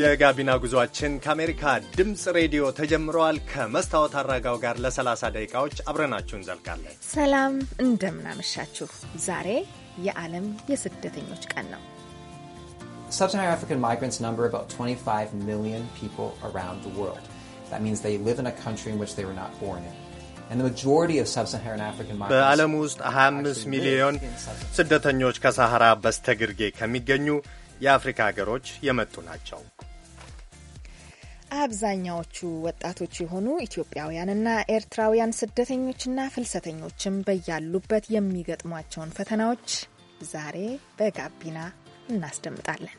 የጋቢና ጉዟችን ከአሜሪካ ድምፅ ሬዲዮ ተጀምረዋል። ከመስታወት አድራጋው ጋር ለ30 ደቂቃዎች አብረናችሁ እንዘልቃለን። ሰላም እንደምናመሻችሁ። ዛሬ የዓለም የስደተኞች ቀን ነው። Sub-Saharan African migrants number about 25 million people around the world. That means they live in a country in which they were not born in. በዓለም ውስጥ 25 ሚሊዮን ስደተኞች ከሳሐራ በስተግርጌ ከሚገኙ የአፍሪካ ሀገሮች የመጡ ናቸው። አብዛኛዎቹ ወጣቶች የሆኑ ኢትዮጵያውያንና ኤርትራውያን ስደተኞችና ፍልሰተኞችም በያሉበት የሚገጥሟቸውን ፈተናዎች ዛሬ በጋቢና እናስደምጣለን።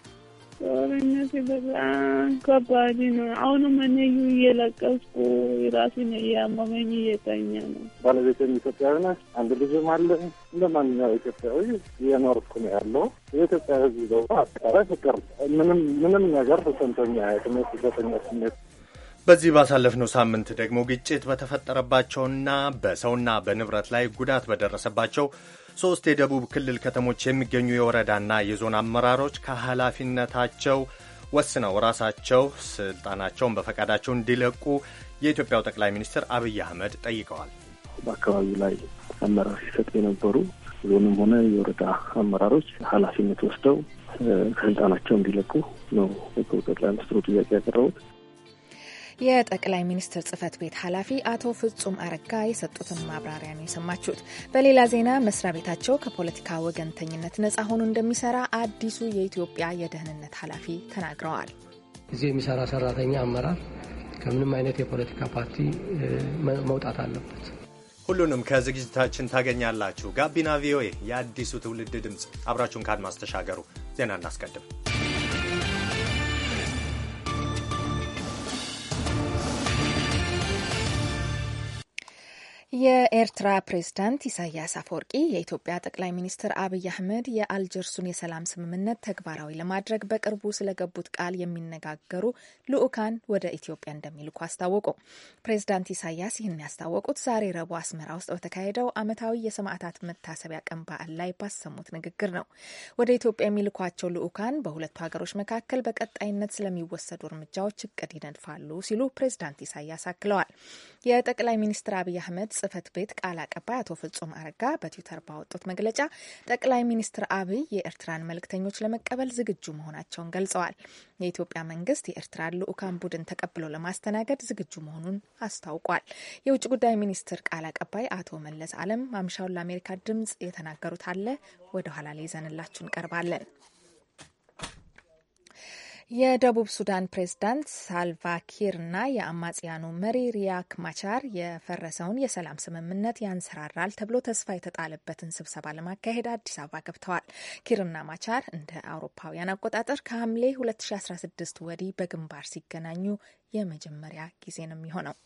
ጦርነት በጣም ከባድ ነው። አሁንም እኔ እየለቀስኩ ራሴን እያመመኝ እየተኛ ነው። ባለቤቴም ኢትዮጵያዊ ነች። አንድ ልጅም አለ። እንደ ማንኛው ኢትዮጵያዊ እየኖርኩ ነው ያለው። የኢትዮጵያ ሕዝብ ደግሞ አጠቃላይ ፍቅር ምንም ምንም ነገር ተሰምቶኛ ስሜት ተሰጠኛ ስሜት በዚህ ባሳለፍነው ሳምንት ደግሞ ግጭት በተፈጠረባቸውና በሰውና በንብረት ላይ ጉዳት በደረሰባቸው ሶስት የደቡብ ክልል ከተሞች የሚገኙ የወረዳና የዞን አመራሮች ከኃላፊነታቸው ወስነው ራሳቸው ስልጣናቸውን በፈቃዳቸው እንዲለቁ የኢትዮጵያው ጠቅላይ ሚኒስትር አብይ አህመድ ጠይቀዋል። በአካባቢው ላይ አመራር ሲሰጥ የነበሩ ዞንም ሆነ የወረዳ አመራሮች ኃላፊነት ወስደው ከስልጣናቸው እንዲለቁ ነው ጠቅላይ ሚኒስትሩ ጥያቄ ያቀረቡት። የጠቅላይ ሚኒስትር ጽህፈት ቤት ኃላፊ አቶ ፍጹም አረጋ የሰጡትን ማብራሪያ ነው የሰማችሁት። በሌላ ዜና መስሪያ ቤታቸው ከፖለቲካ ወገንተኝነት ነጻ ሆኖ እንደሚሰራ አዲሱ የኢትዮጵያ የደህንነት ኃላፊ ተናግረዋል። እዚህ የሚሰራ ሰራተኛ አመራር ከምንም አይነት የፖለቲካ ፓርቲ መውጣት አለበት። ሁሉንም ከዝግጅታችን ታገኛላችሁ። ጋቢና ቪኦኤ፣ የአዲሱ ትውልድ ድምፅ። አብራችሁን ካድማስ ተሻገሩ። ዜና እናስቀድም። የኤርትራ ፕሬዝዳንት ኢሳያስ አፈወርቂ የኢትዮጵያ ጠቅላይ ሚኒስትር አብይ አህመድ የአልጀርሱን የሰላም ስምምነት ተግባራዊ ለማድረግ በቅርቡ ስለገቡት ቃል የሚነጋገሩ ልዑካን ወደ ኢትዮጵያ እንደሚልኩ አስታወቁ። ፕሬዝዳንት ኢሳያስ ይህን ያስታወቁት ዛሬ ረቡዕ አስመራ ውስጥ በተካሄደው ዓመታዊ የሰማዕታት መታሰቢያ ቀን በዓል ላይ ባሰሙት ንግግር ነው። ወደ ኢትዮጵያ የሚልኳቸው ልዑካን በሁለቱ ሀገሮች መካከል በቀጣይነት ስለሚወሰዱ እርምጃዎች እቅድ ይነድፋሉ ሲሉ ፕሬዝዳንት ኢሳያስ አክለዋል። የጠቅላይ ሚኒስትር አብይ አህመድ ጽህፈት ቤት ቃል አቀባይ አቶ ፍጹም አረጋ በትዊተር ባወጡት መግለጫ ጠቅላይ ሚኒስትር አብይ የኤርትራን መልእክተኞች ለመቀበል ዝግጁ መሆናቸውን ገልጸዋል። የኢትዮጵያ መንግስት የኤርትራን ልዑካን ቡድን ተቀብሎ ለማስተናገድ ዝግጁ መሆኑን አስታውቋል። የውጭ ጉዳይ ሚኒስትር ቃል አቀባይ አቶ መለስ አለም ማምሻውን ለአሜሪካ ድምጽ የተናገሩት አለ። ወደኋላ ላይ ይዘንላችሁ እንቀርባለን። የደቡብ ሱዳን ፕሬዝዳንት ሳልቫኪርና የአማጽያኑ መሪ ሪያክ ማቻር የፈረሰውን የሰላም ስምምነት ያንሰራራል ተብሎ ተስፋ የተጣለበትን ስብሰባ ለማካሄድ አዲስ አበባ ገብተዋል። ኪርና ማቻር እንደ አውሮፓውያን አቆጣጠር ከሐምሌ 2016 ወዲህ በግንባር ሲገናኙ የመጀመሪያ ጊዜ ነው የሚሆነው።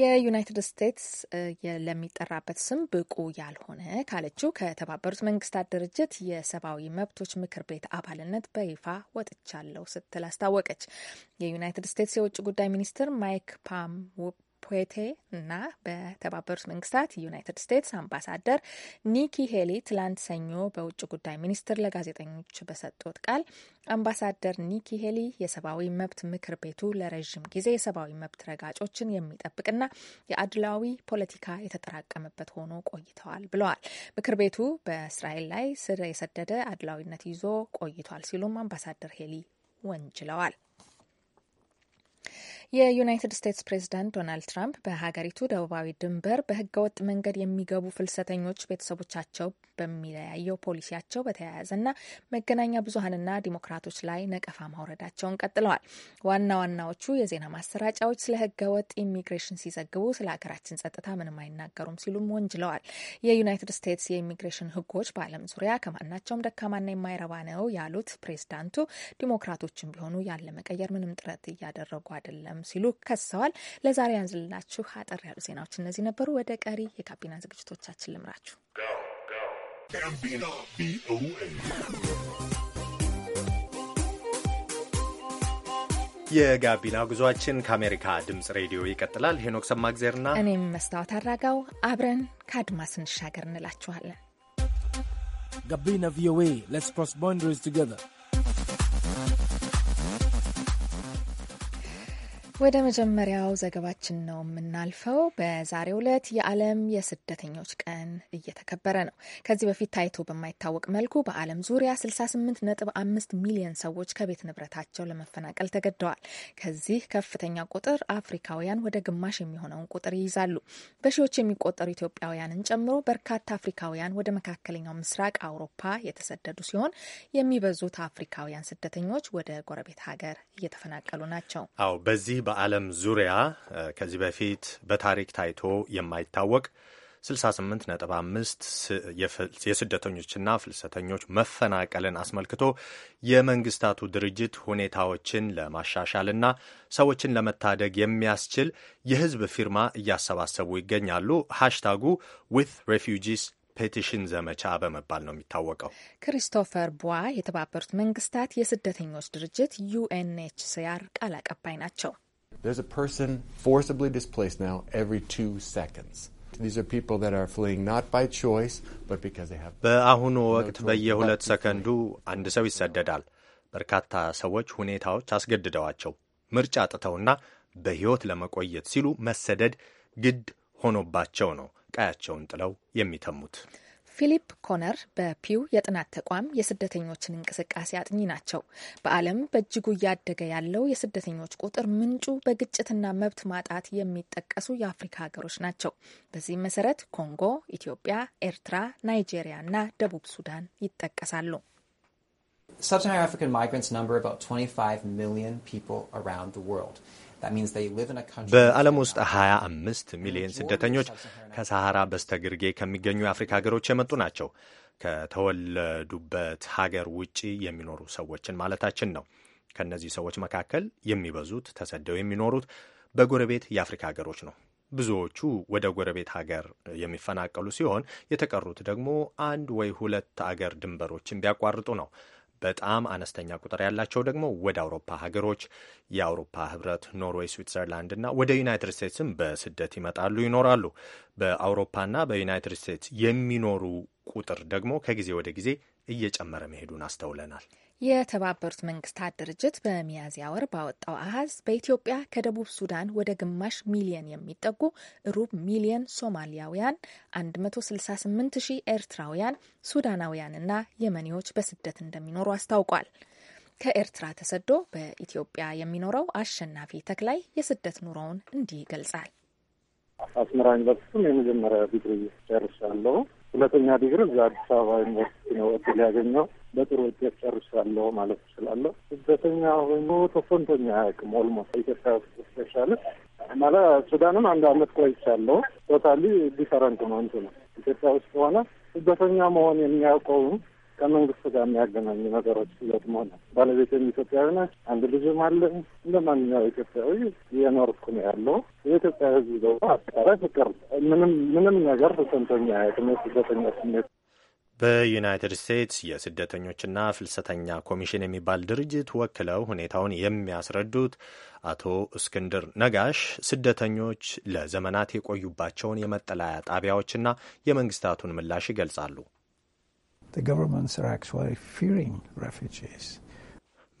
የዩናይትድ ስቴትስ ለሚጠራበት ስም ብቁ ያልሆነ ካለችው ከተባበሩት መንግስታት ድርጅት የሰብአዊ መብቶች ምክር ቤት አባልነት በይፋ ወጥቻለሁ ስትል አስታወቀች። የዩናይትድ ስቴትስ የውጭ ጉዳይ ሚኒስትር ማይክ ፓም ኮቴ እና በተባበሩት መንግስታት ዩናይትድ ስቴትስ አምባሳደር ኒኪ ሄሊ ትላንት ሰኞ በውጭ ጉዳይ ሚኒስትር ለጋዜጠኞች በሰጡት ቃል አምባሳደር ኒኪ ሄሊ የሰብአዊ መብት ምክር ቤቱ ለረዥም ጊዜ የሰብአዊ መብት ረጋጮችን የሚጠብቅና የአድላዊ ፖለቲካ የተጠራቀመበት ሆኖ ቆይተዋል ብለዋል። ምክር ቤቱ በእስራኤል ላይ ስር የሰደደ አድላዊነት ይዞ ቆይቷል ሲሉም አምባሳደር ሄሊ ወንጅለዋል። የዩናይትድ ስቴትስ ፕሬዝዳንት ዶናልድ ትራምፕ በሀገሪቱ ደቡባዊ ድንበር በህገወጥ መንገድ የሚገቡ ፍልሰተኞች ቤተሰቦቻቸው በሚለያየው ፖሊሲያቸው በተያያዘና መገናኛ ብዙሀንና ዲሞክራቶች ላይ ነቀፋ ማውረዳቸውን ቀጥለዋል። ዋና ዋናዎቹ የዜና ማሰራጫዎች ስለ ህገወጥ ኢሚግሬሽን ሲዘግቡ ስለ ሀገራችን ጸጥታ ምንም አይናገሩም ሲሉም ወንጅለዋል። የዩናይትድ ስቴትስ የኢሚግሬሽን ህጎች በዓለም ዙሪያ ከማናቸውም ደካማና የማይረባ ነው ያሉት ፕሬዝዳንቱ ዲሞክራቶችም ቢሆኑ ያለመቀየር ምንም ጥረት እያደረጉ አይደለም ሲሉ ከሰዋል። ለዛሬ ያንዝልናችሁ አጠር ያሉ ዜናዎች እነዚህ ነበሩ። ወደ ቀሪ የጋቢና ዝግጅቶቻችን ልምራችሁ። የጋቢና ጉዟችን ከአሜሪካ ድምጽ ሬዲዮ ይቀጥላል። ሄኖክ ሰማግዜርና እኔም መስታወት አድራጋው አብረን ከአድማስ እንሻገር እንላችኋለን። ጋቢና ቪኦኤ ሌትስ ክሮስ ባውንደሪስ ቱጌዘር ወደ መጀመሪያው ዘገባችን ነው የምናልፈው። በዛሬው ዕለት የዓለም የስደተኞች ቀን እየተከበረ ነው። ከዚህ በፊት ታይቶ በማይታወቅ መልኩ በዓለም ዙሪያ 68.5 ሚሊዮን ሰዎች ከቤት ንብረታቸው ለመፈናቀል ተገደዋል። ከዚህ ከፍተኛ ቁጥር አፍሪካውያን ወደ ግማሽ የሚሆነውን ቁጥር ይይዛሉ። በሺዎች የሚቆጠሩ ኢትዮጵያውያንን ጨምሮ በርካታ አፍሪካውያን ወደ መካከለኛው ምስራቅ አውሮፓ የተሰደዱ ሲሆን የሚበዙት አፍሪካውያን ስደተኞች ወደ ጎረቤት ሀገር እየተፈናቀሉ ናቸው። አዎ በዚህ በዓለም ዙሪያ ከዚህ በፊት በታሪክ ታይቶ የማይታወቅ 68.5 የስደተኞችና ፍልሰተኞች መፈናቀልን አስመልክቶ የመንግስታቱ ድርጅት ሁኔታዎችን ለማሻሻልና ሰዎችን ለመታደግ የሚያስችል የህዝብ ፊርማ እያሰባሰቡ ይገኛሉ። ሃሽታጉ ዊት ሬፊጂስ ፔቲሽን ዘመቻ በመባል ነው የሚታወቀው። ክሪስቶፈር ቧ የተባበሩት መንግስታት የስደተኞች ድርጅት ዩኤንኤችሲአር ቃል አቀባይ ናቸው። There's a person forcibly displaced now every two seconds. These are people that are fleeing not by choice, but because they have በአሁኑ ወቅት በየሁለት ሰከንዱ አንድ ሰው ይሰደዳል። በርካታ ሰዎች ሁኔታዎች አስገድደዋቸው ምርጫ አጥተውና በሕይወት ለመቆየት ሲሉ መሰደድ ግድ ሆኖባቸው ነው ቀያቸውን ጥለው የሚተሙት። ፊሊፕ ኮነር በፒው የጥናት ተቋም የስደተኞችን እንቅስቃሴ አጥኚ ናቸው። በዓለም በእጅጉ እያደገ ያለው የስደተኞች ቁጥር ምንጩ በግጭትና መብት ማጣት የሚጠቀሱ የአፍሪካ ሀገሮች ናቸው። በዚህም መሰረት ኮንጎ፣ ኢትዮጵያ፣ ኤርትራ፣ ናይጄሪያ እና ደቡብ ሱዳን ይጠቀሳሉ። Sub-Saharan African migrants number about 25 million people around the world. በዓለም ውስጥ 25 ሚሊዮን ስደተኞች ከሰሃራ በስተግርጌ ከሚገኙ የአፍሪካ ሀገሮች የመጡ ናቸው። ከተወለዱበት ሀገር ውጪ የሚኖሩ ሰዎችን ማለታችን ነው። ከእነዚህ ሰዎች መካከል የሚበዙት ተሰደው የሚኖሩት በጎረቤት የአፍሪካ ሀገሮች ነው። ብዙዎቹ ወደ ጎረቤት ሀገር የሚፈናቀሉ ሲሆን የተቀሩት ደግሞ አንድ ወይ ሁለት አገር ድንበሮችን ቢያቋርጡ ነው። በጣም አነስተኛ ቁጥር ያላቸው ደግሞ ወደ አውሮፓ ሀገሮች፣ የአውሮፓ ህብረት፣ ኖርዌይ፣ ስዊትዘርላንድ እና ወደ ዩናይትድ ስቴትስም በስደት ይመጣሉ ይኖራሉ። በአውሮፓና በዩናይትድ ስቴትስ የሚኖሩ ቁጥር ደግሞ ከጊዜ ወደ ጊዜ እየጨመረ መሄዱን አስተውለናል። የተባበሩት መንግስታት ድርጅት በሚያዝያ ወር ባወጣው አሀዝ በኢትዮጵያ ከደቡብ ሱዳን ወደ ግማሽ ሚሊየን የሚጠጉ ሩብ ሚሊየን ሶማሊያውያን፣ 168 ሺህ ኤርትራውያን፣ ሱዳናውያንና የመኔዎች በስደት እንደሚኖሩ አስታውቋል። ከኤርትራ ተሰዶ በኢትዮጵያ የሚኖረው አሸናፊ ተክላይ የስደት ኑሮውን እንዲህ ይገልጻል። አስመራ ዩኒቨርስቲም የመጀመሪያ ዲግሪ ጨርሻለሁ። ሁለተኛ ዲግሪ እዛ አዲስ አበባ ዩኒቨርሲቲ ነው እድል ያገኘው በጥሩ ውጤት ጨርሻለሁ ማለት እችላለሁ። ስደተኛ ሆኖ ተሰንቶኛ አያውቅም። ኦልሞስት ኢትዮጵያ ውስጥ ስፔሻል ማለት ሱዳንም አንድ አመት ቆይቻለሁ። ቶታሊ ዲፈረንት ነው እንትኑ ኢትዮጵያ ውስጥ ሆነ ስደተኛ መሆን የሚያውቀውም ከመንግስት ጋር የሚያገናኙ ነገሮች ሁለት ይገጥማሉ። ባለቤቴም ኢትዮጵያዊ ናት። አንድ ልጅም አለ። እንደ ማንኛው ኢትዮጵያዊ የኖርኩ ነው ያለው። የኢትዮጵያ ሕዝብ ደግሞ አጠቃላይ ፍቅር ምንም ምንም ነገር ተሰንቶኛ ያቅም የስደተኛ ስሜት በዩናይትድ ስቴትስ የስደተኞችና ፍልሰተኛ ኮሚሽን የሚባል ድርጅት ወክለው ሁኔታውን የሚያስረዱት አቶ እስክንድር ነጋሽ ስደተኞች ለዘመናት የቆዩባቸውን የመጠለያ ጣቢያዎችና የመንግስታቱን ምላሽ ይገልጻሉ። The governments are actually fearing refugees.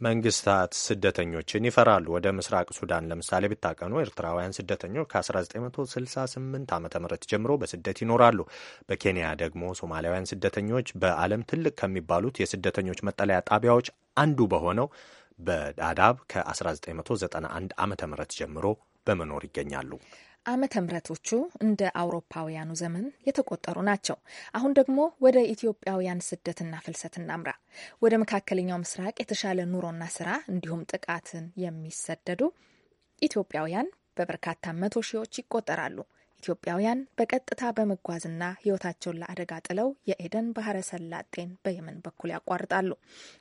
መንግስታት ስደተኞችን ይፈራሉ። ወደ ምስራቅ ሱዳን ለምሳሌ ብታቀኑ ኤርትራውያን ስደተኞች ከ1968 ዓ ም ጀምሮ በስደት ይኖራሉ። በኬንያ ደግሞ ሶማሊያውያን ስደተኞች በዓለም ትልቅ ከሚባሉት የስደተኞች መጠለያ ጣቢያዎች አንዱ በሆነው በዳዳብ ከ1991 ዓ ም ጀምሮ በመኖር ይገኛሉ። ዓመተ ምሕረቶቹ እንደ አውሮፓውያኑ ዘመን የተቆጠሩ ናቸው። አሁን ደግሞ ወደ ኢትዮጵያውያን ስደትና ፍልሰት እናምራ። ወደ መካከለኛው ምስራቅ የተሻለ ኑሮና ስራ እንዲሁም ጥቃትን የሚሰደዱ ኢትዮጵያውያን በበርካታ መቶ ሺዎች ይቆጠራሉ። ኢትዮጵያውያን በቀጥታ በመጓዝና ሕይወታቸውን ለአደጋ ጥለው የኤደን ባህረ ሰላጤን በየመን በኩል ያቋርጣሉ።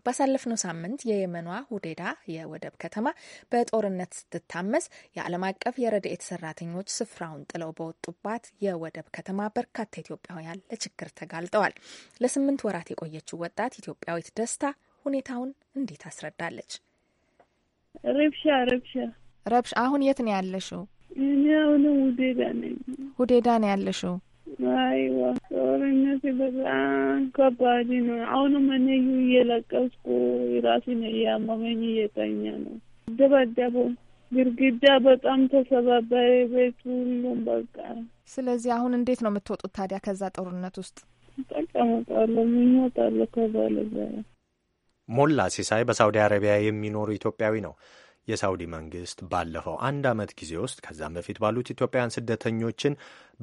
ባሳለፍነው ሳምንት የየመኗ ሁዴዳ የወደብ ከተማ በጦርነት ስትታመስ የዓለም አቀፍ የረድኤት ሰራተኞች ስፍራውን ጥለው በወጡባት የወደብ ከተማ በርካታ ኢትዮጵያውያን ለችግር ተጋልጠዋል። ለስምንት ወራት የቆየችው ወጣት ኢትዮጵያዊት ደስታ ሁኔታውን እንዴት አስረዳለች? ረብሻ ረብሻ ረብሻ። አሁን የት ነው ያለሽው? እኔ አሁን ውዴዳ ነኝ። ውዴዳ ነው ያለሽው? አይዋ ጦርነት በጣም ከባድ ነው። አሁንም እኔ እየለቀስኩ ራሴን እያመመኝ እየተኛ ነው። ደባደቡ ግርግዳ በጣም ተሰባበረ፣ ቤት ሁሉም በቃ። ስለዚህ አሁን እንዴት ነው የምትወጡት ታዲያ ከዛ ጦርነት ውስጥ? ተቀምጣለሁ ምንወጣለሁ። ከዛ ሞላ ሲሳይ በሳውዲ አረቢያ የሚኖሩ ኢትዮጵያዊ ነው። የሳውዲ መንግስት ባለፈው አንድ ዓመት ጊዜ ውስጥ ከዛም በፊት ባሉት ኢትዮጵያውያን ስደተኞችን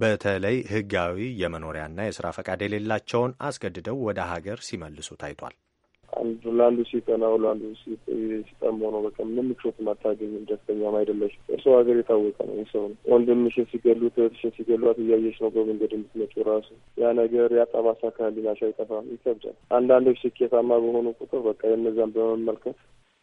በተለይ ህጋዊ የመኖሪያና የስራ ፈቃድ የሌላቸውን አስገድደው ወደ ሀገር ሲመልሱ ታይቷል። አንዱ ላንዱ ሲጠናው ለአንዱ ሲጠማው ነው። በቃ ምን ቾት አታገኝም። ደስተኛም አይደለሽ። የሰው ሀገር የታወቀ ነው። ሰው ነው። ወንድምሽን ሲገሉ እህትሽን ሲገሏት እያየሽ ነው በመንገድ የምትመጪ ራሱ ያ ነገር ያጠባሳ ካሊናሽ አይጠፋም። ይከብዳል። አንዳንዶች ስኬታማ በሆኑ ቁጥር በቃ የነዛን በመመልከት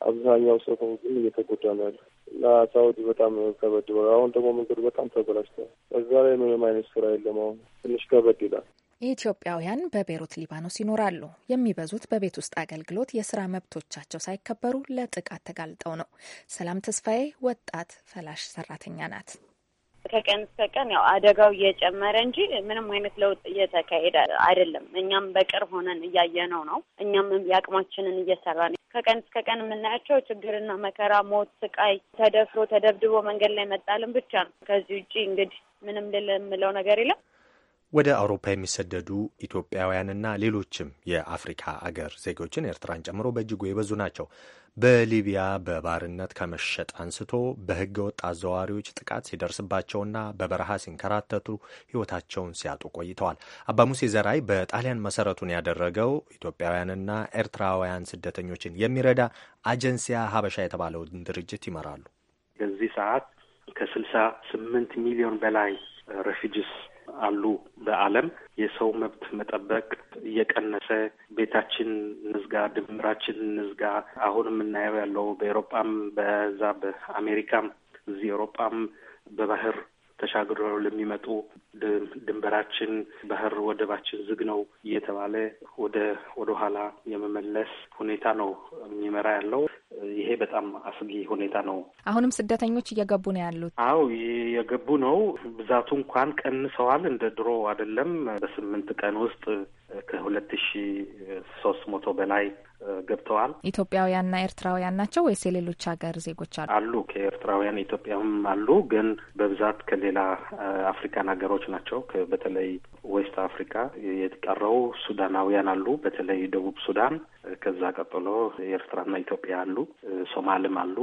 አብዛኛው ሰው ግን እየተጎዳ ነው ያለ እና ሳውዲ በጣም ከበድ ብሏል። አሁን ደግሞ መንገዱ በጣም ተበላሽቷል። በዛ ላይ ምንም አይነት ስራ የለም። አሁን ትንሽ ከበድ ይላል። የኢትዮጵያውያን በቤሩት ሊባኖስ ይኖራሉ። የሚበዙት በቤት ውስጥ አገልግሎት የስራ መብቶቻቸው ሳይከበሩ ለጥቃት ተጋልጠው ነው። ሰላም ተስፋዬ ወጣት ፈላሽ ሰራተኛ ናት። ከቀን እስከ ቀን ያው አደጋው እየጨመረ እንጂ ምንም አይነት ለውጥ እየተካሄደ አይደለም። እኛም በቅርብ ሆነን እያየነው ነው። እኛም የአቅማችንን ነው። ከቀን እስከ ቀን የምናያቸው ችግርና መከራ፣ ሞት፣ ስቃይ፣ ተደፍሮ ተደብድቦ መንገድ ላይ መጣልን ብቻ ነው። ከዚህ ውጭ እንግዲህ ምንም ልል የምለው ነገር የለም። ወደ አውሮፓ የሚሰደዱ ኢትዮጵያውያንና ሌሎችም የአፍሪካ አገር ዜጎችን ኤርትራን ጨምሮ በእጅጉ የበዙ ናቸው። በሊቢያ በባርነት ከመሸጥ አንስቶ በሕገ ወጥ አዘዋዋሪዎች ጥቃት ሲደርስባቸውና በበረሃ ሲንከራተቱ ሕይወታቸውን ሲያጡ ቆይተዋል። አባሙሴ ዘራይ በጣሊያን መሰረቱን ያደረገው ኢትዮጵያውያንና ኤርትራውያን ስደተኞችን የሚረዳ አጀንሲያ ሀበሻ የተባለውን ድርጅት ይመራሉ። በዚህ ሰዓት ከስልሳ ስምንት ሚሊዮን በላይ ሬፊጂስ አሉ። በዓለም የሰው መብት መጠበቅ እየቀነሰ ቤታችን ንዝጋ፣ ድምራችን ንዝጋ አሁን የምናየው ያለው በኤሮጳም በዛ በአሜሪካም እዚህ ኤሮጳም በባህር ተሻግረው ለሚመጡ ድንበራችን ባህር ወደባችን ዝግ ነው እየተባለ ወደ ወደ ኋላ የመመለስ ሁኔታ ነው የሚመራ ያለው። ይሄ በጣም አስጊ ሁኔታ ነው። አሁንም ስደተኞች እየገቡ ነው ያሉት። አዎ እየገቡ ነው። ብዛቱ እንኳን ቀንሰዋል። እንደ ድሮ አይደለም። በስምንት ቀን ውስጥ ከሁለት ሺ ሶስት መቶ በላይ ገብተዋል። ኢትዮጵያውያንና ኤርትራውያን ናቸው ወይስ የሌሎች ሀገር ዜጎች አሉ? አሉ ከኤርትራውያን ኢትዮጵያም አሉ፣ ግን በብዛት ከሌላ አፍሪካን ሀገሮች ናቸው። በተለይ ዌስት አፍሪካ። የተቀረው ሱዳናውያን አሉ፣ በተለይ ደቡብ ሱዳን። ከዛ ቀጥሎ ኤርትራና ኢትዮጵያ አሉ፣ ሶማልም አሉ።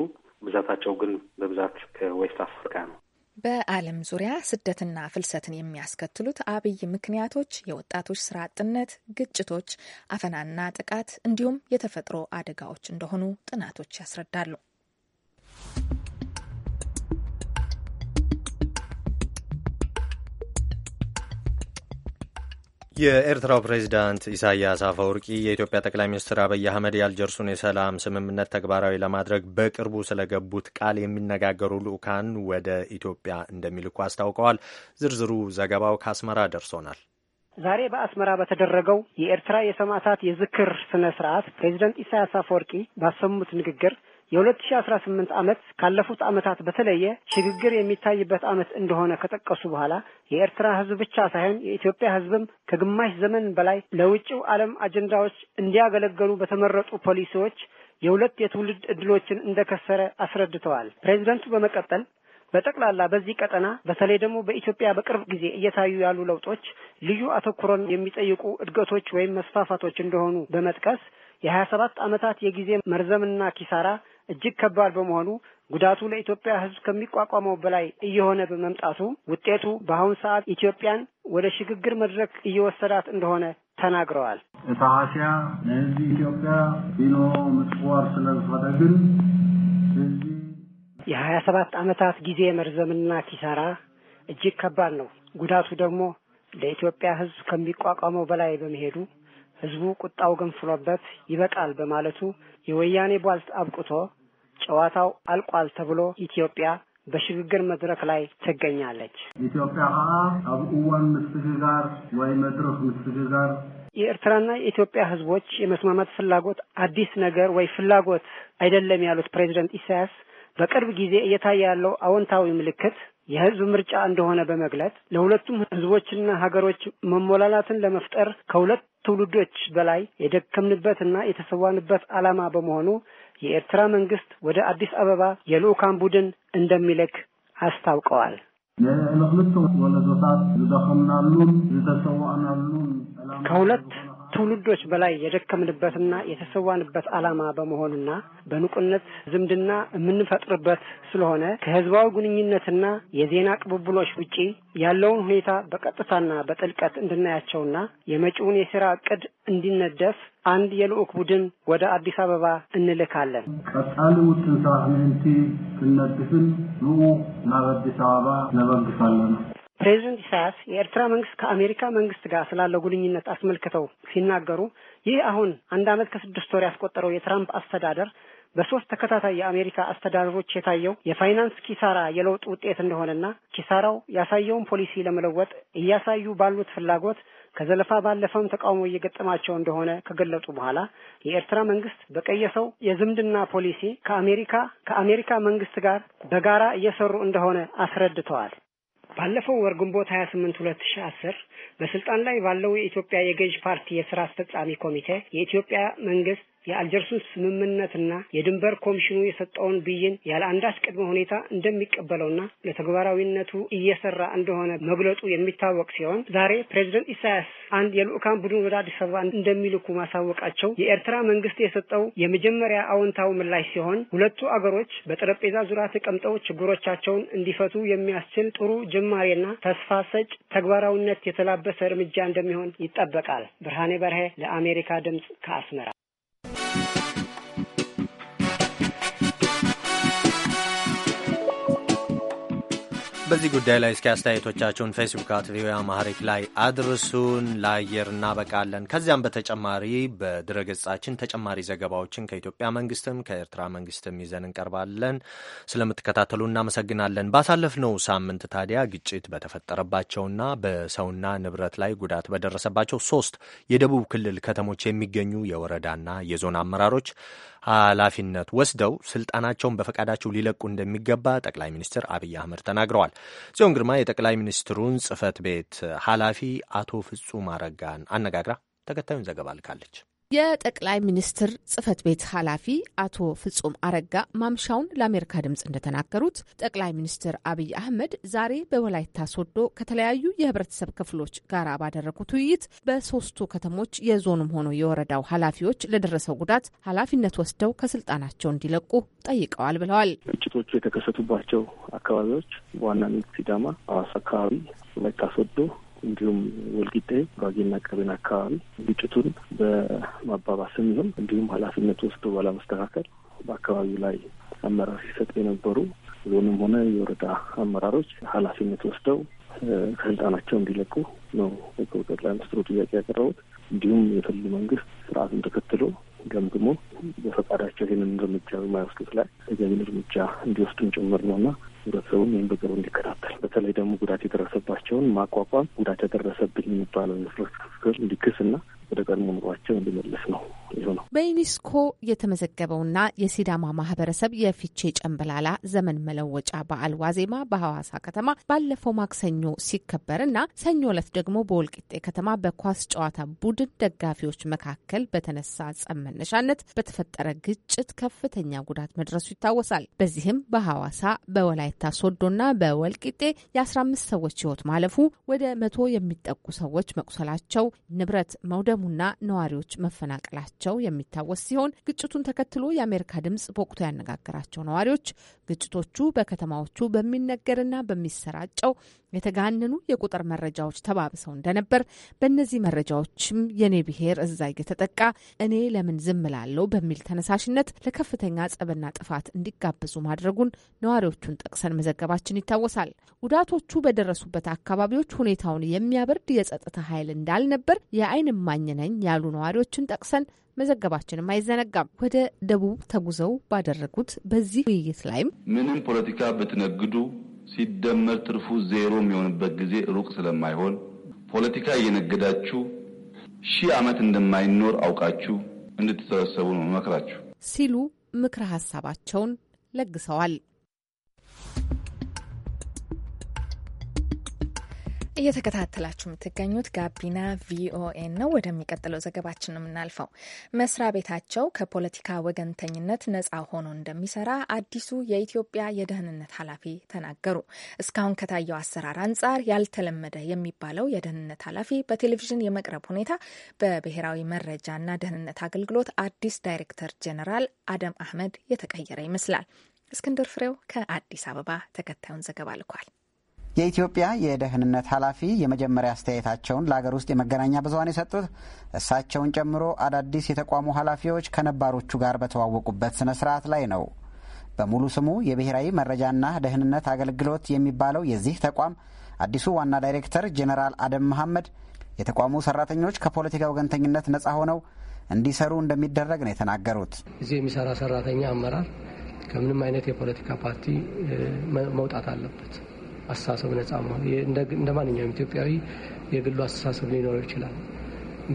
ብዛታቸው ግን በብዛት ከዌስት አፍሪካ ነው። በዓለም ዙሪያ ስደትና ፍልሰትን የሚያስከትሉት አብይ ምክንያቶች የወጣቶች ስራ አጥነት፣ ግጭቶች፣ አፈናና ጥቃት እንዲሁም የተፈጥሮ አደጋዎች እንደሆኑ ጥናቶች ያስረዳሉ። የኤርትራው ፕሬዚዳንት ኢሳያስ አፈወርቂ የኢትዮጵያ ጠቅላይ ሚኒስትር አብይ አህመድ የአልጀርሱን የሰላም ስምምነት ተግባራዊ ለማድረግ በቅርቡ ስለገቡት ቃል የሚነጋገሩ ልዑካን ወደ ኢትዮጵያ እንደሚልኩ አስታውቀዋል። ዝርዝሩ ዘገባው ከአስመራ ደርሶናል። ዛሬ በአስመራ በተደረገው የኤርትራ የሰማዕታት የዝክር ስነ ስርዓት ፕሬዚደንት ኢሳያስ አፈወርቂ ባሰሙት ንግግር የ2018 ዓመት ካለፉት ዓመታት በተለየ ሽግግር የሚታይበት ዓመት እንደሆነ ከጠቀሱ በኋላ የኤርትራ ሕዝብ ብቻ ሳይሆን የኢትዮጵያ ሕዝብም ከግማሽ ዘመን በላይ ለውጭው ዓለም አጀንዳዎች እንዲያገለገሉ በተመረጡ ፖሊሲዎች የሁለት የትውልድ ዕድሎችን እንደከሰረ አስረድተዋል። ፕሬዚደንቱ በመቀጠል በጠቅላላ በዚህ ቀጠና በተለይ ደግሞ በኢትዮጵያ በቅርብ ጊዜ እየታዩ ያሉ ለውጦች ልዩ አተኩሮን የሚጠይቁ እድገቶች ወይም መስፋፋቶች እንደሆኑ በመጥቀስ የሀያ ሰባት ዓመታት የጊዜ መርዘምና ኪሳራ እጅግ ከባድ በመሆኑ ጉዳቱ ለኢትዮጵያ ሕዝብ ከሚቋቋመው በላይ እየሆነ በመምጣቱ ውጤቱ በአሁኑ ሰዓት ኢትዮጵያን ወደ ሽግግር መድረክ እየወሰዳት እንደሆነ ተናግረዋል። እታሃስያ ነህዝቢ ኢትዮጵያ ቢኖ ምጽዋር ስለዝፈጠግን የሀያ ሰባት ዓመታት ጊዜ መርዘምና ኪሳራ እጅግ ከባድ ነው። ጉዳቱ ደግሞ ለኢትዮጵያ ሕዝብ ከሚቋቋመው በላይ በመሄዱ ህዝቡ ቁጣው ገንፍሎበት ይበቃል በማለቱ የወያኔ ቧልት አብቅቶ ጨዋታው አልቋል ተብሎ ኢትዮጵያ በሽግግር መድረክ ላይ ትገኛለች። ኢትዮጵያ ኣብ ምስግ ጋር ወይ መድረክ ጋር የኤርትራና የኢትዮጵያ ህዝቦች የመስማማት ፍላጎት አዲስ ነገር ወይ ፍላጎት አይደለም ያሉት ፕሬዚደንት ኢሳያስ በቅርብ ጊዜ እየታየ ያለው አዎንታዊ ምልክት የህዝብ ምርጫ እንደሆነ በመግለጽ ለሁለቱም ህዝቦችና ሀገሮች መሞላላትን ለመፍጠር ከሁለት ትውልዶች በላይ የደከምንበትና የተሰዋንበት ዓላማ በመሆኑ የኤርትራ መንግስት ወደ አዲስ አበባ የልኡካን ቡድን እንደሚልክ አስታውቀዋል። ንክልቱ ወለዶታት ዝደኸምናሉን ዝተሰዋእናሉን ከሁለት ትውልዶች በላይ የደከምንበትና የተሰዋንበት ዓላማ በመሆኑና በንቁነት ዝምድና የምንፈጥርበት ስለሆነ ከህዝባዊ ግንኙነትና የዜና ቅብብሎች ውጪ ያለውን ሁኔታ በቀጥታና በጥልቀት እንድናያቸውና የመጪውን የስራ እቅድ እንዲነደፍ አንድ የልዑክ ቡድን ወደ አዲስ አበባ እንልካለን። ቀጣሉ ውትንሳ ሰዓት ስነድፍን ክንነድፍን ናብ አዲስ አበባ ነበግሳለን። ፕሬዚደንት ኢሳያስ የኤርትራ መንግስት ከአሜሪካ መንግስት ጋር ስላለው ግንኙነት አስመልክተው ሲናገሩ ይህ አሁን አንድ ዓመት ከስድስት ወር ያስቆጠረው የትራምፕ አስተዳደር በሶስት ተከታታይ የአሜሪካ አስተዳደሮች የታየው የፋይናንስ ኪሳራ የለውጥ ውጤት እንደሆነና ኪሳራው ያሳየውን ፖሊሲ ለመለወጥ እያሳዩ ባሉት ፍላጎት ከዘለፋ ባለፈም ተቃውሞ እየገጠማቸው እንደሆነ ከገለጹ በኋላ የኤርትራ መንግስት በቀየሰው የዝምድና ፖሊሲ ከአሜሪካ ከአሜሪካ መንግስት ጋር በጋራ እየሰሩ እንደሆነ አስረድተዋል። ባለፈው ወር ግንቦት 28 2010 በስልጣን ላይ ባለው የኢትዮጵያ የገዥ ፓርቲ የስራ አስፈጻሚ ኮሚቴ የኢትዮጵያ መንግስት የአልጀርሱን ስምምነትና የድንበር ኮሚሽኑ የሰጠውን ብይን ያለ አንዳች ቅድመ ሁኔታ እንደሚቀበለውና ለተግባራዊነቱ እየሰራ እንደሆነ መግለጡ የሚታወቅ ሲሆን ዛሬ ፕሬዚደንት ኢሳያስ አንድ የልኡካን ቡድን ወደ አዲስ አበባ እንደሚልኩ ማሳወቃቸው የኤርትራ መንግስት የሰጠው የመጀመሪያ አዎንታዊ ምላሽ ሲሆን ሁለቱ አገሮች በጠረጴዛ ዙሪያ ተቀምጠው ችግሮቻቸውን እንዲፈቱ የሚያስችል ጥሩ ጅማሬና ተስፋ ሰጭ ተግባራዊነት የተላበሰ እርምጃ እንደሚሆን ይጠበቃል። ብርሃኔ በርሄ ለአሜሪካ ድምፅ ከአስመራ በዚህ ጉዳይ ላይ እስኪ አስተያየቶቻችሁን ፌስቡክ አት ቪኦኤ አማሪክ ላይ አድርሱን፣ ለአየር እናበቃለን። ከዚያም በተጨማሪ በድረገጻችን ተጨማሪ ዘገባዎችን ከኢትዮጵያ መንግስትም ከኤርትራ መንግስትም ይዘን እንቀርባለን። ስለምትከታተሉ እናመሰግናለን። ባሳለፍነው ሳምንት ታዲያ ግጭት በተፈጠረባቸውና በሰውና ንብረት ላይ ጉዳት በደረሰባቸው ሶስት የደቡብ ክልል ከተሞች የሚገኙ የወረዳና የዞን አመራሮች ኃላፊነት ወስደው ስልጣናቸውን በፈቃዳቸው ሊለቁ እንደሚገባ ጠቅላይ ሚኒስትር አብይ አህመድ ተናግረዋል። ጽዮን ግርማ የጠቅላይ ሚኒስትሩን ጽህፈት ቤት ኃላፊ አቶ ፍጹም አረጋን አነጋግራ ተከታዩን ዘገባ ልካለች። የጠቅላይ ሚኒስትር ጽህፈት ቤት ኃላፊ አቶ ፍጹም አረጋ ማምሻውን ለአሜሪካ ድምፅ እንደተናገሩት ጠቅላይ ሚኒስትር አብይ አህመድ ዛሬ በወላይታ ሶዶ ከተለያዩ የህብረተሰብ ክፍሎች ጋር ባደረጉት ውይይት በሶስቱ ከተሞች የዞኑም ሆኖ የወረዳው ኃላፊዎች ለደረሰው ጉዳት ኃላፊነት ወስደው ከስልጣናቸው እንዲለቁ ጠይቀዋል ብለዋል። ግጭቶቹ የተከሰቱባቸው አካባቢዎች በዋናነት ሲዳማ፣ አዋሳ አካባቢ፣ ወላይታ ሶዶ እንዲሁም ወልቂጤ ጉራጌና ቀቤን አካባቢ ግጭቱን በማባባስም ይሁን እንዲሁም ኃላፊነት ወስዶ ባለመስተካከል በአካባቢው ላይ አመራር ሲሰጥ የነበሩ ዞንም ሆነ የወረዳ አመራሮች ኃላፊነት ወስደው ከስልጣናቸው እንዲለቁ ነው ጠቅላይ ሚኒስትሩ ጥያቄ ያቀረቡት። እንዲሁም የክልሉ መንግስት ስርዓቱን ተከትሎ ገምግሞ በፈቃዳቸው ይህንን እርምጃ በማይወስዱት ላይ ተገቢን እርምጃ እንዲወስዱን ጭምር ነው እና ህብረተሰቡን ይህን በቅርብ እንዲከታተል በተለይ ደግሞ ጉዳት የደረሰባቸውን ማቋቋም ጉዳት የደረሰብኝ የሚባለው የፍረት ክፍል እንዲክስ እና ወደ ቀድሞ ኑሯቸው እንዲመለስ ነው። ይሁ ነው በዩኒስኮ የተመዘገበውና የሲዳማ ማህበረሰብ የፊቼ ጨምበላላ ዘመን መለወጫ በዓል ዋዜማ በሐዋሳ ከተማ ባለፈው ማክሰኞ ሲከበርና ሰኞ ዕለት ደግሞ በወልቂጤ ከተማ በኳስ ጨዋታ ቡድን ደጋፊዎች መካከል በተነሳ ጸብ መነሻነት በተፈጠረ ግጭት ከፍተኛ ጉዳት መድረሱ ይታወሳል። በዚህም በሐዋሳ በወላይታ ሶዶና በወልቂጤ የ15 ሰዎች ህይወት ማለፉ ወደ መቶ የሚጠጉ ሰዎች መቁሰላቸው ንብረት መውደሙ መውደሙና ነዋሪዎች መፈናቀላቸው የሚታወስ ሲሆን ግጭቱን ተከትሎ የአሜሪካ ድምጽ በወቅቱ ያነጋገራቸው ነዋሪዎች ግጭቶቹ በከተማዎቹ በሚነገርና በሚሰራጨው የተጋነኑ የቁጥር መረጃዎች ተባብሰው እንደነበር በእነዚህ መረጃዎችም የኔ ብሔር እዛ እየተጠቃ እኔ ለምን ዝም ላለው በሚል ተነሳሽነት ለከፍተኛ ጸብና ጥፋት እንዲጋበዙ ማድረጉን ነዋሪዎቹን ጠቅሰን መዘገባችን ይታወሳል። ጉዳቶቹ በደረሱበት አካባቢዎች ሁኔታውን የሚያበርድ የጸጥታ ኃይል እንዳልነበር የአይን እማኝ ነኝ ያሉ ነዋሪዎችን ጠቅሰን መዘገባችንም አይዘነጋም። ወደ ደቡብ ተጉዘው ባደረጉት በዚህ ውይይት ላይም ምንም ፖለቲካ ብትነግዱ ሲደመር ትርፉ ዜሮ የሚሆንበት ጊዜ ሩቅ ስለማይሆን ፖለቲካ እየነገዳችሁ ሺህ ዓመት እንደማይኖር አውቃችሁ እንድትሰበሰቡ ነው መክራችሁ ሲሉ ምክረ ሀሳባቸውን ለግሰዋል። እየተከታተላችሁ የምትገኙት ጋቢና ቪኦኤ ነው። ወደሚቀጥለው ዘገባችን የምናልፈው መስሪያ ቤታቸው ከፖለቲካ ወገንተኝነት ነጻ ሆኖ እንደሚሰራ አዲሱ የኢትዮጵያ የደህንነት ኃላፊ ተናገሩ። እስካሁን ከታየው አሰራር አንጻር ያልተለመደ የሚባለው የደህንነት ኃላፊ በቴሌቪዥን የመቅረብ ሁኔታ በብሔራዊ መረጃና ደህንነት አገልግሎት አዲስ ዳይሬክተር ጄኔራል አደም አህመድ የተቀየረ ይመስላል። እስክንድር ፍሬው ከአዲስ አበባ ተከታዩን ዘገባ ልኳል። የኢትዮጵያ የደህንነት ኃላፊ የመጀመሪያ አስተያየታቸውን ለአገር ውስጥ የመገናኛ ብዙኃን የሰጡት እሳቸውን ጨምሮ አዳዲስ የተቋሙ ኃላፊዎች ከነባሮቹ ጋር በተዋወቁበት ስነ ስርዓት ላይ ነው። በሙሉ ስሙ የብሔራዊ መረጃና ደህንነት አገልግሎት የሚባለው የዚህ ተቋም አዲሱ ዋና ዳይሬክተር ጄኔራል አደም መሐመድ የተቋሙ ሰራተኞች ከፖለቲካ ወገንተኝነት ነጻ ሆነው እንዲሰሩ እንደሚደረግ ነው የተናገሩት። እዚህ የሚሰራ ሰራተኛ አመራር ከምንም አይነት የፖለቲካ ፓርቲ መውጣት አለበት አስተሳሰብ ነጻ መሆን እንደ ማንኛውም ኢትዮጵያዊ የግሉ አስተሳሰብ ሊኖረው ይችላል።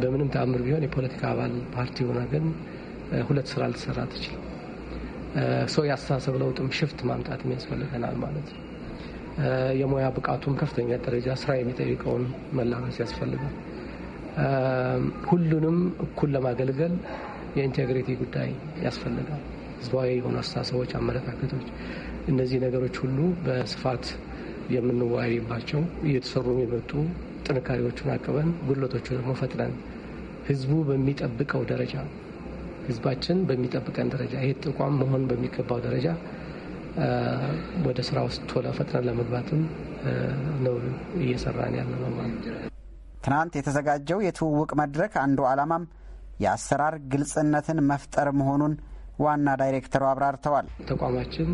በምንም ተአምር ቢሆን የፖለቲካ አባል ፓርቲ ሆና ግን ሁለት ስራ ልትሰራ ትችል ሰው የአስተሳሰብ ለውጥም ሽፍት ማምጣት ያስፈልገናል ማለት ነው። የሙያ ብቃቱም ከፍተኛ ደረጃ ስራ የሚጠይቀውን መላበስ ያስፈልጋል። ሁሉንም እኩል ለማገልገል የኢንቴግሪቲ ጉዳይ ያስፈልጋል። ህዝባዊ የሆኑ አስተሳሰቦች፣ አመለካከቶች፣ እነዚህ ነገሮች ሁሉ በስፋት የምንወያይባቸው እየተሰሩ የመጡ ጥንካሬዎቹን አቅበን ጉድለቶቹ ደግሞ ፈጥነን ህዝቡ በሚጠብቀው ደረጃ ህዝባችን በሚጠብቀን ደረጃ ይህ ተቋም መሆን በሚገባው ደረጃ ወደ ስራ ውስጥ ቶሎ ፈጥነን ለመግባትም ነው እየሰራን ያለ ነው ማለት ትናንት የተዘጋጀው የትውውቅ መድረክ አንዱ ዓላማም የአሰራር ግልጽነትን መፍጠር መሆኑን ዋና ዳይሬክተሩ አብራርተዋል። ተቋማችን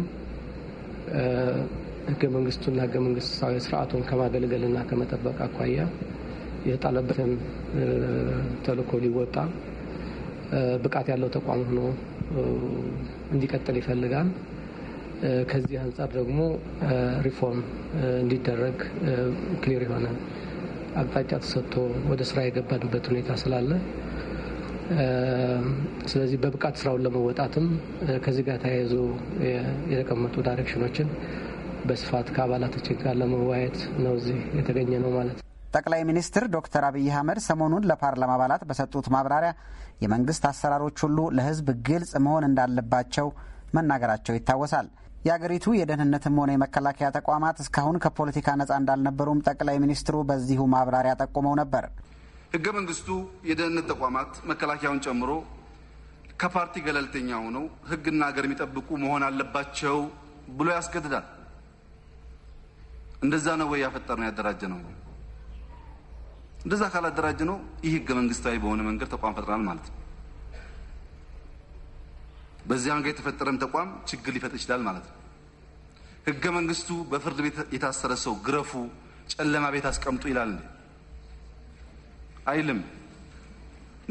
ህገ መንግስቱና ህገ መንግስታዊ ስርዓቱን ከማገልገልና ከመጠበቅ አኳያ የተጣለበትን ተልእኮ ሊወጣ ብቃት ያለው ተቋም ሆኖ እንዲቀጥል ይፈልጋል። ከዚህ አንጻር ደግሞ ሪፎርም እንዲደረግ ክሊር የሆነ አቅጣጫ ተሰጥቶ ወደ ስራ የገባንበት ሁኔታ ስላለ ስለዚህ በብቃት ስራውን ለመወጣትም ከዚህ ጋር ተያይዞ የተቀመጡ ዳይሬክሽኖችን በስፋት ከአባላቶችን ጋር ለመወያየት ነው እዚህ የተገኘ ነው ማለት ነው። ጠቅላይ ሚኒስትር ዶክተር አብይ አህመድ ሰሞኑን ለፓርላማ አባላት በሰጡት ማብራሪያ የመንግስት አሰራሮች ሁሉ ለህዝብ ግልጽ መሆን እንዳለባቸው መናገራቸው ይታወሳል። የአገሪቱ የደህንነትም ሆነ የመከላከያ ተቋማት እስካሁን ከፖለቲካ ነጻ እንዳልነበሩም ጠቅላይ ሚኒስትሩ በዚሁ ማብራሪያ ጠቁመው ነበር። ህገ መንግስቱ የደህንነት ተቋማት መከላከያውን ጨምሮ ከፓርቲ ገለልተኛ ሆነው ህግና ሀገር የሚጠብቁ መሆን አለባቸው ብሎ ያስገድዳል። እንደዛ ነው ወይ ያፈጠር ነው ያደራጀ ነው? እንደዛ ካላደራጀ ነው ይህ ህገ መንግስታዊ በሆነ መንገድ ተቋም ፈጥረናል ማለት ነው። በዚያ ጋር የተፈጠረም ተቋም ችግር ሊፈጥር ይችላል ማለት ነው። ህገ መንግስቱ በፍርድ ቤት የታሰረ ሰው ግረፉ፣ ጨለማ ቤት አስቀምጡ ይላል እንዴ? አይልም።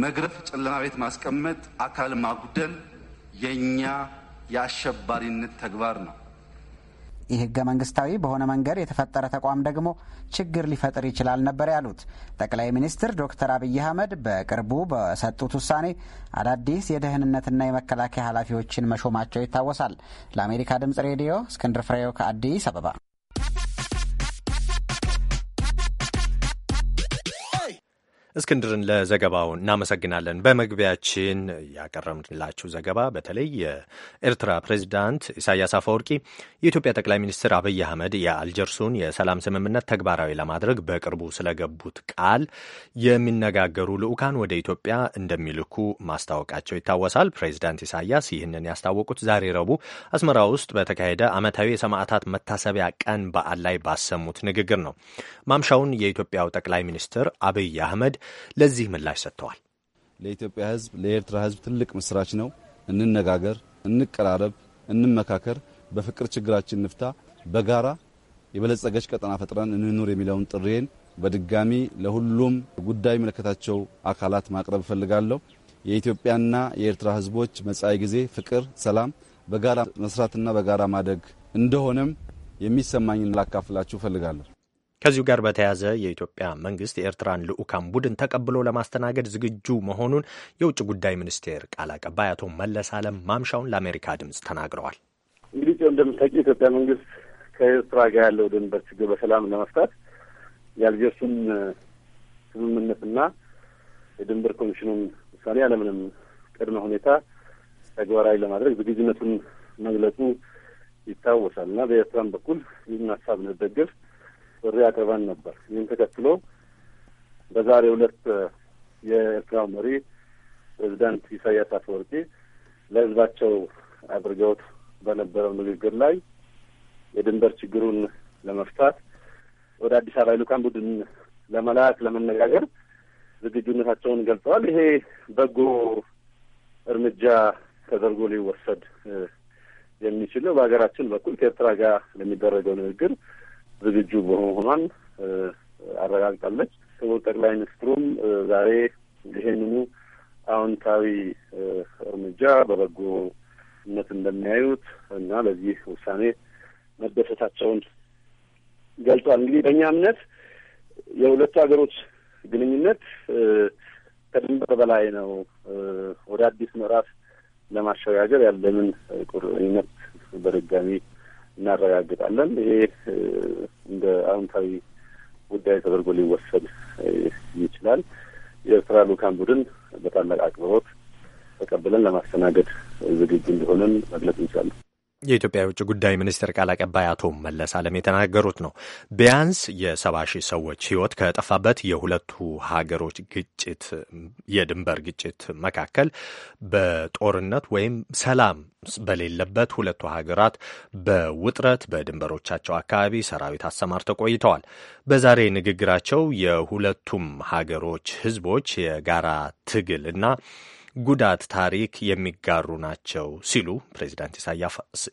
መግረፍ፣ ጨለማ ቤት ማስቀመጥ፣ አካል ማጉደል የእኛ የአሸባሪነት ተግባር ነው። ይህ ህገ መንግስታዊ በሆነ መንገድ የተፈጠረ ተቋም ደግሞ ችግር ሊፈጥር ይችላል ነበር ያሉት ጠቅላይ ሚኒስትር ዶክተር አብይ አህመድ በቅርቡ በሰጡት ውሳኔ አዳዲስ የደህንነትና የመከላከያ ኃላፊዎችን መሾማቸው ይታወሳል። ለአሜሪካ ድምጽ ሬዲዮ እስክንድር ፍሬው ከአዲስ አበባ እስክንድርን ለዘገባው እናመሰግናለን። በመግቢያችን ያቀረብንላችሁ ዘገባ በተለይ የኤርትራ ፕሬዚዳንት ኢሳያስ አፈወርቂ የኢትዮጵያ ጠቅላይ ሚኒስትር አብይ አህመድ የአልጀርሱን የሰላም ስምምነት ተግባራዊ ለማድረግ በቅርቡ ስለገቡት ቃል የሚነጋገሩ ልዑካን ወደ ኢትዮጵያ እንደሚልኩ ማስታወቃቸው ይታወሳል። ፕሬዚዳንት ኢሳያስ ይህንን ያስታወቁት ዛሬ ረቡዕ አስመራ ውስጥ በተካሄደ ዓመታዊ የሰማዕታት መታሰቢያ ቀን በዓል ላይ ባሰሙት ንግግር ነው። ማምሻውን የኢትዮጵያው ጠቅላይ ሚኒስትር አብይ አህመድ ለዚህ ምላሽ ሰጥተዋል። ለኢትዮጵያ ሕዝብ ለኤርትራ ሕዝብ ትልቅ ምስራች ነው። እንነጋገር፣ እንቀራረብ፣ እንመካከር፣ በፍቅር ችግራችን እንፍታ፣ በጋራ የበለጸገች ቀጠና ፈጥረን እንኑር የሚለውን ጥሬን በድጋሚ ለሁሉም ጉዳይ የሚመለከታቸው አካላት ማቅረብ እፈልጋለሁ። የኢትዮጵያና የኤርትራ ሕዝቦች መጻኢ ጊዜ ፍቅር፣ ሰላም፣ በጋራ መስራትና በጋራ ማደግ እንደሆነም የሚሰማኝን ላካፍላችሁ እፈልጋለሁ። ከዚሁ ጋር በተያያዘ የኢትዮጵያ መንግስት የኤርትራን ልዑካን ቡድን ተቀብሎ ለማስተናገድ ዝግጁ መሆኑን የውጭ ጉዳይ ሚኒስቴር ቃል አቀባይ አቶ መለስ አለም ማምሻውን ለአሜሪካ ድምፅ ተናግረዋል። እንግዲህ እንደምታውቂው የኢትዮጵያ መንግስት ከኤርትራ ጋር ያለው ድንበር ችግር በሰላም ለመፍታት የአልጀርሱን ስምምነትና የድንበር ኮሚሽኑን ውሳኔ ያለምንም ቅድመ ሁኔታ ተግባራዊ ለማድረግ ዝግጁነቱን መግለጹ ይታወሳል እና በኤርትራም በኩል ይህን ሀሳብ ንደግፍ ጥሪ አቅርበን ነበር። ይህን ተከትሎ በዛሬ ሁለት የኤርትራው መሪ ፕሬዚዳንት ኢሳያስ አፈወርቂ ለህዝባቸው አድርገውት በነበረው ንግግር ላይ የድንበር ችግሩን ለመፍታት ወደ አዲስ አበባ የልዑካን ቡድን ለመላክ ለመነጋገር ዝግጁነታቸውን ገልጸዋል። ይሄ በጎ እርምጃ ተደርጎ ሊወሰድ የሚችል ነው። በሀገራችን በኩል ከኤርትራ ጋር ለሚደረገው ንግግር ዝግጁ መሆኗን አረጋግጣለች። ክቡር ጠቅላይ ሚኒስትሩም ዛሬ ይህንኑ አዎንታዊ እርምጃ በበጎነት እንደሚያዩት እና ለዚህ ውሳኔ መደሰታቸውን ገልጿል። እንግዲህ በእኛ እምነት የሁለቱ ሀገሮች ግንኙነት ከድንበር በላይ ነው። ወደ አዲስ ምዕራፍ ለማሸጋገር ያለምን ቁርኝነት በድጋሚ እናረጋግጣለን። ይሄ እንደ አዎንታዊ ጉዳይ ተደርጎ ሊወሰድ ይችላል። የኤርትራ ልኡካን ቡድን በታላቅ አክብሮት ተቀብለን ለማስተናገድ ዝግጁ እንደሆነን መግለጽ እንችላለን። የኢትዮጵያ የውጭ ጉዳይ ሚኒስቴር ቃል አቀባይ አቶ መለስ አለም የተናገሩት ነው። ቢያንስ የሰባ ሺህ ሰዎች ህይወት ከጠፋበት የሁለቱ ሀገሮች ግጭት የድንበር ግጭት መካከል በጦርነት ወይም ሰላም በሌለበት ሁለቱ ሀገራት በውጥረት በድንበሮቻቸው አካባቢ ሰራዊት አሰማርተው ቆይተዋል። በዛሬ ንግግራቸው የሁለቱም ሀገሮች ህዝቦች የጋራ ትግል እና ጉዳት ታሪክ የሚጋሩ ናቸው ሲሉ ፕሬዚዳንት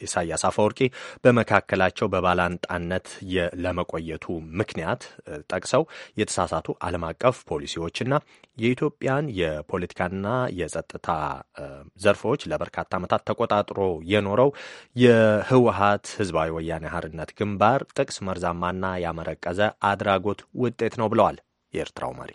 ኢሳያስ አፈወርቂ በመካከላቸው በባላንጣነት ለመቆየቱ ምክንያት ጠቅሰው የተሳሳቱ ዓለም አቀፍ ፖሊሲዎችና የኢትዮጵያን የፖለቲካና የጸጥታ ዘርፎች ለበርካታ ዓመታት ተቆጣጥሮ የኖረው የህወሀት ህዝባዊ ወያኔ ሀርነት ግንባር ጥቅስ መርዛማና ያመረቀዘ አድራጎት ውጤት ነው ብለዋል የኤርትራው መሪ።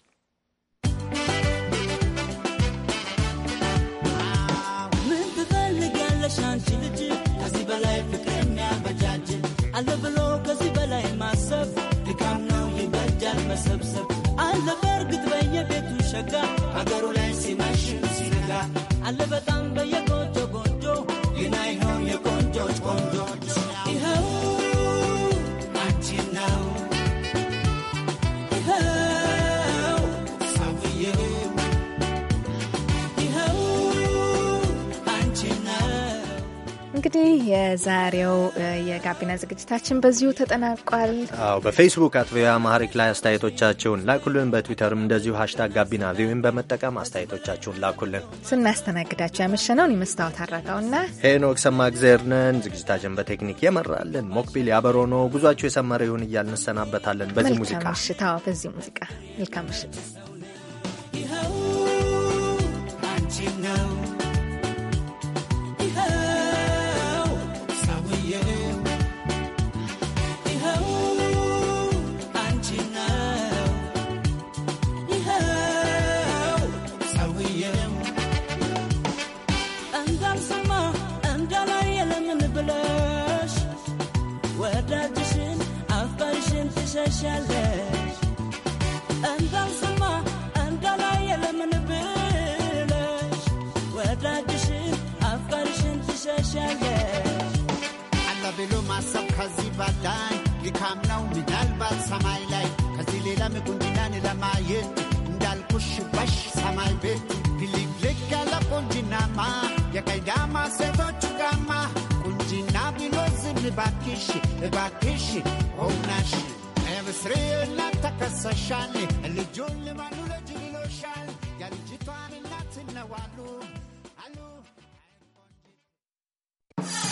ሸጋ አገሩ ላይ ሲመሽ ሲነጋ አለ በጣም በየጎጆ ጎጆ ይናይሆን የቆንጆች ቆንጆ እንግዲህ የዛሬው የጋቢና ዝግጅታችን በዚሁ ተጠናቋል። አዎ በፌስቡክ አት ቪኦኤ አማሪክ ላይ አስተያየቶቻችሁን ላኩልን። በትዊተርም እንደዚሁ ሀሽታግ ጋቢና ቪኦኤን በመጠቀም አስተያየቶቻችሁን ላኩልን። ስናስተናግዳችሁ ያመሸነውን የመስታወት አረጋውና ሄኖክ ሰማእግዜር ነን። ዝግጅታችን በቴክኒክ የመራልን ሞክቢል ያበሮ ነው። ጉዟችሁ የሰመረ ይሁን እያል እንሰናበታለን። በዚህ ሙዚቃ በዚህ ሙዚቃ መልካም ምሽት።